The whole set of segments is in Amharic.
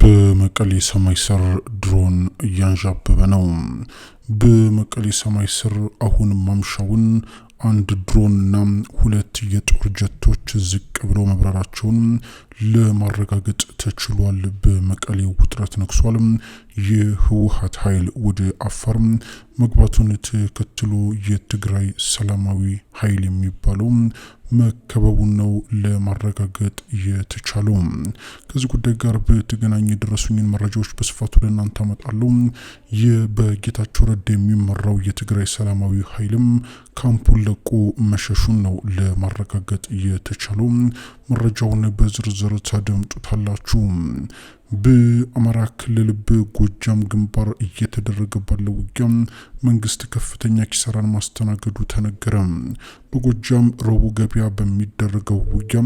በመቀሌ ሰማይ ስር ድሮን እያንዣበበ ነው። በመቀሌ ሰማይ ስር አሁን ማምሻውን አንድ ድሮንና ሁለት የጦር ጀቶች ዝቅ ብለው መብረራቸውን ለማረጋገጥ ተችሏል። በመቀሌ ውጥረት ነግሷል። የህወሀት ኃይል ወደ አፋር መግባቱን ተከትሎ የትግራይ ሰላማዊ ኃይል የሚባለው መከበቡን ነው ለማረጋገጥ የተቻለው። ከዚህ ጉዳይ ጋር በተገናኘ የደረሱኝን መረጃዎች በስፋቱ ለእናንተ አመጣለሁ። በጌታቸው ረዳ የሚመራው የትግራይ ሰላማዊ ኃይልም ካምፑን ለቆ መሸሹን ነው ለማረጋገጥ የተቻለው። መረጃውን በዝርዝር ታደምጡታላችሁ። በአማራ ክልል በጎጃም ግንባር እየተደረገ ባለው ውጊያ መንግስት ከፍተኛ ኪሳራን ማስተናገዱ ተነገረ። በጎጃም ረቡ ገበያ በሚደረገው ውጊያ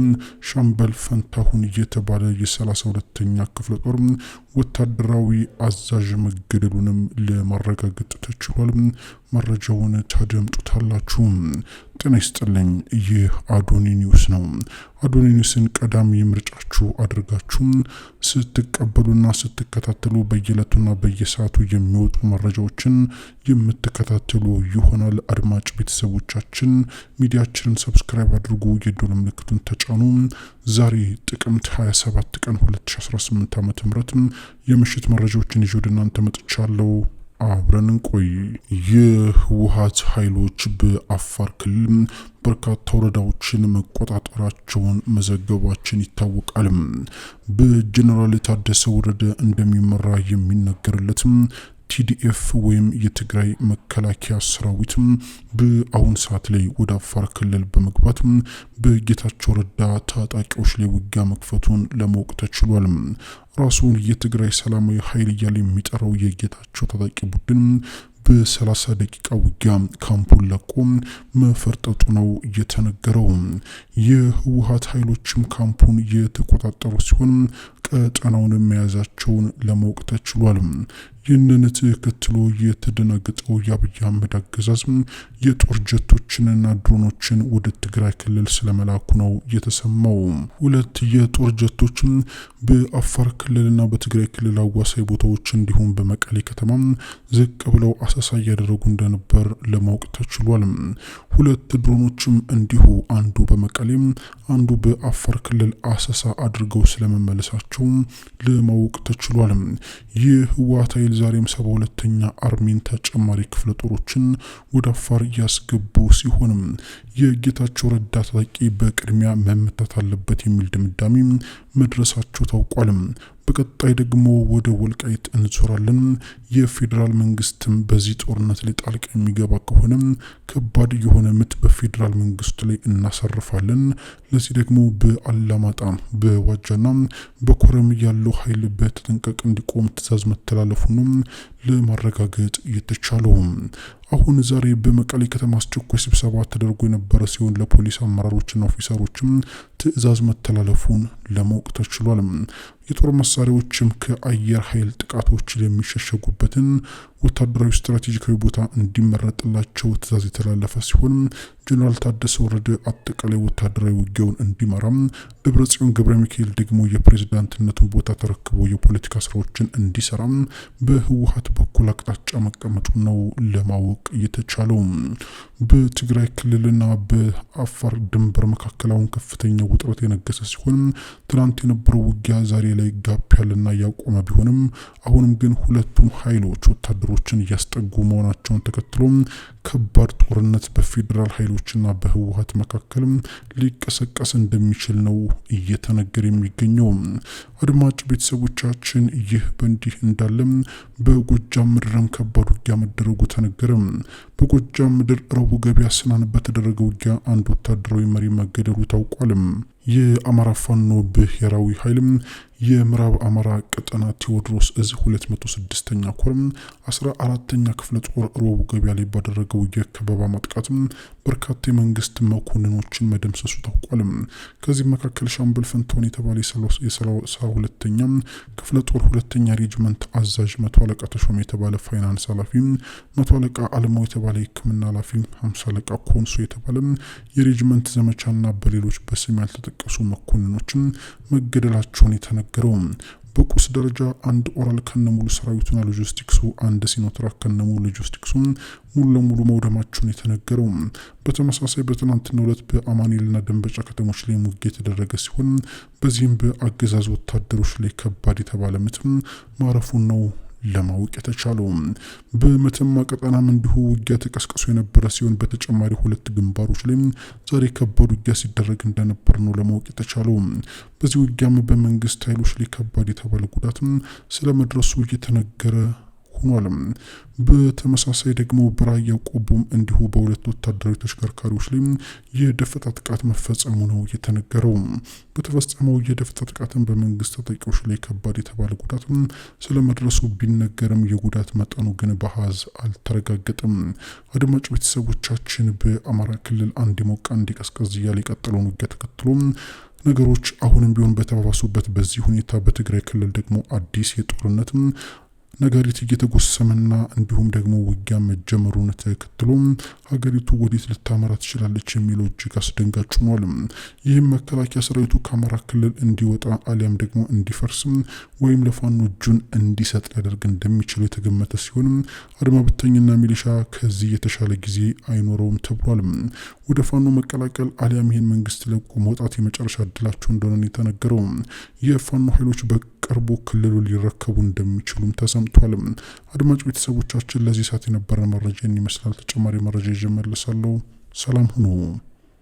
ሻምበል ፈንታሁን እየተባለ የ32ተኛ ክፍለ ጦር ወታደራዊ አዛዥ መገደሉንም ለማረጋገጥ ተችሏል። መረጃውን ታደምጡታላችሁ። ጤና ይስጥልኝ። ይህ አዶኒ ኒውስ ነው። አዶኒ ኒውስን ቀዳሚ ምርጫችሁ አድርጋችሁም ስትቀበሉና ስትከታተሉ በየዕለቱና በየሰዓቱ የሚወጡ መረጃዎችን የምትከታተሉ ይሆናል። አድማጭ ቤተሰቦቻችን ሚዲያችንን ሰብስክራይብ አድርጉ፣ የደወል ምልክቱን ተጫኑ። ዛሬ ጥቅምት 27 ቀን 2018 ዓ ም የምሽት መረጃዎችን ይዤ ወደ እናንተ መጥቻለሁ። አብረን እንቆይ። የህወሓት ኃይሎች በአፋር ክልል በርካታ ወረዳዎችን መቆጣጠራቸውን መዘገባችን ይታወቃል። በጀኔራል ታደሰ ወረደ እንደሚመራ የሚነገርለትም ቲዲኤፍ ወይም የትግራይ መከላከያ ሰራዊትም በአሁን ሰዓት ላይ ወደ አፋር ክልል በመግባት በጌታቸው ረዳ ታጣቂዎች ላይ ውጊያ መክፈቱን ለማወቅ ተችሏል። ራሱን የትግራይ ሰላማዊ ኃይል እያለ የሚጠራው የጌታቸው ታጣቂ ቡድን በሰላሳ ደቂቃ ውጊያ ካምፑን ለቆ መፈርጠጡ ነው የተነገረው። የህወሀት ኃይሎችም ካምፑን የተቆጣጠሩ ሲሆን ቀጠናውን መያዛቸውን ለማወቅ ተችሏል። ይህንን ተከትሎ የተደናገጠው የአብይ አህመድ አገዛዝ የጦር ጀቶችንና ድሮኖችን ወደ ትግራይ ክልል ስለመላኩ ነው የተሰማው። ሁለት የጦር ጀቶችም በአፋር ክልልና በትግራይ ክልል አዋሳኝ ቦታዎች እንዲሁም በመቀሌ ከተማ ዝቅ ብለው አሰሳ እያደረጉ እንደነበር ለማወቅ ተችሏል። ሁለት ድሮኖችም እንዲሁ አንዱ በመቀሌ አንዱ በአፋር ክልል አሰሳ አድርገው ስለመመለሳቸው ለማወቅ ተችሏል። ይህ ህወሓት ኃይል ዛሬም ሰባ ሁለተኛ አርሜን ተጨማሪ ክፍለ ጦሮችን ወደ አፋር እያስገቡ ሲሆንም የጌታቸው ረዳ ታጣቂ በቅድሚያ መመታት አለበት የሚል ድምዳሜ መድረሳቸው ታውቋል። በቀጣይ ደግሞ ወደ ወልቃይት እንዞራለን። የፌዴራል መንግስትም በዚህ ጦርነት ላይ ጣልቃ የሚገባ ከሆነ ከባድ የሆነ ምት በፌዴራል መንግስቱ ላይ እናሳርፋለን። ለዚህ ደግሞ በአላማጣ በዋጃና በኮረም ያለው ኃይል በተጠንቀቅ እንዲቆም ትእዛዝ መተላለፉ ነው። ለማረጋገጥ የተቻለው። አሁን ዛሬ በመቀሌ ከተማ አስቸኳይ ስብሰባ ተደርጎ የነበረ ሲሆን ለፖሊስ አመራሮችና ኦፊሰሮችም ትዕዛዝ መተላለፉን ለማወቅ ተችሏል። የጦር መሳሪያዎችም ከአየር ኃይል ጥቃቶች የሚሸሸጉበትን ወታደራዊ ስትራቴጂካዊ ቦታ እንዲመረጥላቸው ትዕዛዝ የተላለፈ ሲሆን ጀኔራል ታደሰ ወረደ አጠቃላይ ወታደራዊ ውጊያውን እንዲመራም፣ ደብረጽዮን ገብረ ሚካኤል ደግሞ የፕሬዝዳንትነቱን ቦታ ተረክቦ የፖለቲካ ስራዎችን እንዲሰራም በህወሀት በኩል አቅጣጫ መቀመጡ ነው ለማወቅ የተቻለው። በትግራይ ክልልና በአፋር ድንበር መካከል አሁን ከፍተኛ ውጥረት የነገሰ ሲሆን ትናንት የነበረው ውጊያ ዛሬ ላይ ጋፕ ያለና ያቆመ ቢሆንም አሁንም ግን ሁለቱም ኃይሎች ወታደሮችን እያስጠጉ መሆናቸውን ተከትሎ ከባድ ጦርነት በፌዴራል ኃይሎችና በህወሀት መካከልም ሊቀሰቀስ እንደሚችል ነው እየተነገር የሚገኘው። አድማጭ ቤተሰቦቻችን፣ ይህ በእንዲህ እንዳለም በጎጃም ምድረም ከባድ ውጊያ መደረጉ ተነገረም። በጎጃም ምድር ረቡዕ ገበያ ስናን በተደረገ ውጊያ አንድ ወታደራዊ መሪ መገደሉ ታውቋልም። የአማራ ፋኖ ብሔራዊ ኃይልም የምዕራብ አማራ ቀጠና ቴዎድሮስ እዝ 206ኛ ኮርም 14ተኛ ክፍለ ጦር ረቡዕ ገበያ ላይ ባደረገው የከበባ ማጥቃትም በርካታ የመንግስት መኮንኖችን መደምሰሱ ታውቋልም። ከዚህ መካከል ሻምበል ፈንታውን የተባለ የሰላሳ ሁለተኛ ክፍለ ጦር ሁለተኛ ሬጅመንት አዛዥ መቶ አለቃ ተሾም የተባለ ፋይናንስ ኃላፊ መቶ አለቃ አለማው የተባለ የተባለ የህክምና ኃላፊም ሀምሳ አለቃ ኮንሶ የተባለ የሬጅመንት ዘመቻና በሌሎች በስም ያልተጠቀሱ መኮንኖችም መገደላቸውን የተነገረው በቁስ ደረጃ አንድ ኦራል ከነሙሉ ሰራዊቱና ሎጂስቲክሱ፣ አንድ ሲኖትራክ ከነሙሉ ሎጂስቲክሱ ሙሉ ለሙሉ መውደማቸውን የተነገረው። በተመሳሳይ በትናንትናው ዕለት በአማኑኤልና ደንበጫ ከተሞች ላይ ውጊያ የተደረገ ሲሆን በዚህም በአገዛዝ ወታደሮች ላይ ከባድ የተባለ ምት ማረፉን ነው ለማወቅ የተቻለው። በመተማ ቀጠናም እንዲሁ ውጊያ ተቀስቅሶ የነበረ ሲሆን በተጨማሪ ሁለት ግንባሮች ላይም ዛሬ ከባድ ውጊያ ሲደረግ እንደነበር ነው ለማወቅ የተቻለው። በዚህ ውጊያም በመንግስት ኃይሎች ላይ ከባድ የተባለ ጉዳት ስለመድረሱ እየተነገረ ሆኗል። በተመሳሳይ ደግሞ በራያ ቆቦም እንዲሁ በሁለት ወታደራዊ ተሽከርካሪዎች ላይ የደፈጣ ጥቃት መፈጸሙ ነው የተነገረው። በተፈጸመው የደፈጣ ጥቃትን በመንግስት ታጣቂዎች ላይ ከባድ የተባለ ጉዳት ስለመድረሱ ቢነገርም የጉዳት መጠኑ ግን በሀዝ አልተረጋገጠም። አድማጭ ቤተሰቦቻችን በአማራ ክልል አንድ ሞቃ እንዲቀዝቀዝ እያለ የቀጠለውን ውጊያ ተከትሎ ነገሮች አሁንም ቢሆን በተባባሱበት በዚህ ሁኔታ በትግራይ ክልል ደግሞ አዲስ የጦርነት ነጋሪት እየተጎሰመና እንዲሁም ደግሞ ውጊያ መጀመሩን ተከትሎም ሀገሪቱ ወዴት ልታመራ ትችላለች የሚለው እጅግ አስደንጋጭ ሆኗል። ይህም መከላከያ ሰራዊቱ ከአማራ ክልል እንዲወጣ አሊያም ደግሞ እንዲፈርስም ወይም ለፋኖ እጁን እንዲሰጥ ሊያደርግ እንደሚችለ የተገመተ ሲሆን አድማ ብተኝና ሚሊሻ ከዚህ የተሻለ ጊዜ አይኖረውም ተብሏል። ወደ ፋኖ መቀላቀል አሊያም ይህን መንግስት ለቁ መውጣት የመጨረሻ እድላቸው እንደሆነ የተነገረው የፋኖ ኃይሎች በ ቅርቦ ክልሉ ሊረከቡ እንደሚችሉም ተሰምቷል። አድማጭ ቤተሰቦቻችን ለዚህ ሰዓት የነበረ መረጃ ይመስላል። ተጨማሪ መረጃ ይዤ እመለሳለሁ። ሰላም ሁኑ።